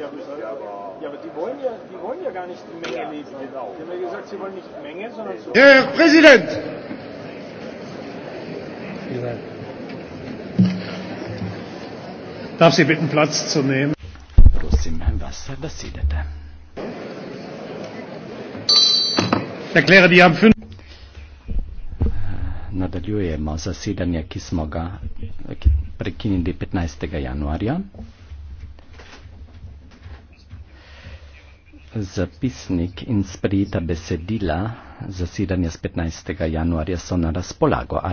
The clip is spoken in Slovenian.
Ja, ja, aber die wollen ja, die wollen ja gar nicht die Menge ja, lesen. Genau. Die haben ja gesagt, sie wollen nicht Menge, sondern so. Herr Präsident! Darf Sie bitten, Platz zu nehmen? Wasser, was Sie denn da? Ich erkläre die haben eh, fünf. Nadaljujemo zasedanje, ki smo ga prekinili 15. januarja. Zapisnik in sprejeta besedila zasedanja z 15. januarja so na razpolago.